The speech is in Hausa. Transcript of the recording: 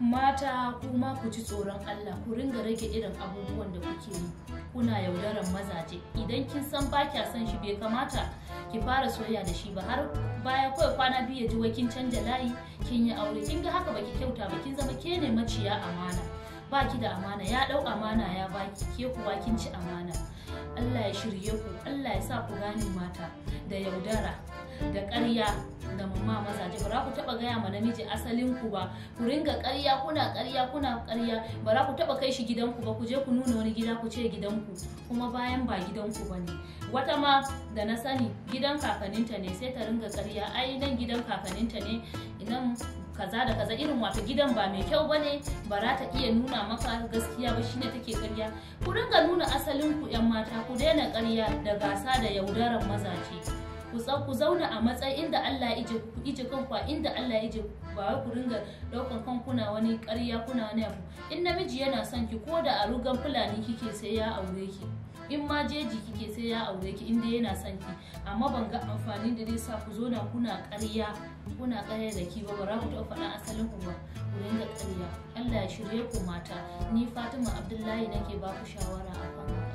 mata kuma ku ci tsoron Allah ku ringa rage irin abubuwan da kuke yi kuna yaudaran mazaje idan kin san ba kya san shi bai kamata ki fara soyayya da shi ba har baya kawai kwana biyu ya ji wai kin canja layi kin yi aure kin ga haka baki kyauta ba kin zama ke ne maciya amana baki da amana ya dau amana ya baki ke ku bakin ci amana Allah ya shirye ku Allah ya sa ku gane mata da yaudara da ƙarya da mamma mazaje ba ku taba gaya ma namiji asalin ku ba ku ringa ƙarya kuna ƙarya kuna ƙarya ba ku taba kai shi gidanku ba ku je ku nuna wani gida ku ce gidanku kuma bayan ba gidanku ba ne wata ma da na sani gidan kakaninta ne sai ta ringa ƙarya ai nan gidan kakaninta ne inan kaza da kaza irin wato gidan ba mai kyau bane ba za ta iya nuna maka gaskiya ba shine take karya ku dinga nuna asalin ku yan mata ku daina karya da gasa da yaudaran mazaje ku zauna a matsayin inda Allah ya ije kanku a inda Allah ya ije ba ku ringa daukan kan kuna wani ƙarya kuna wani abu in namiji yana son ki ko da a rugan fulani kike sai ya aure ki in ma jeji kike sai ya aure ki inda yana son ki amma ban ga amfani da zai sa ku zo kuna ƙarya kuna ƙarya da ki ba ba ku taɓa faɗa asalin ku ba ku ringa ƙarya Allah ya shirye ku mata ni Fatima Abdullahi nake ba ku shawara a kan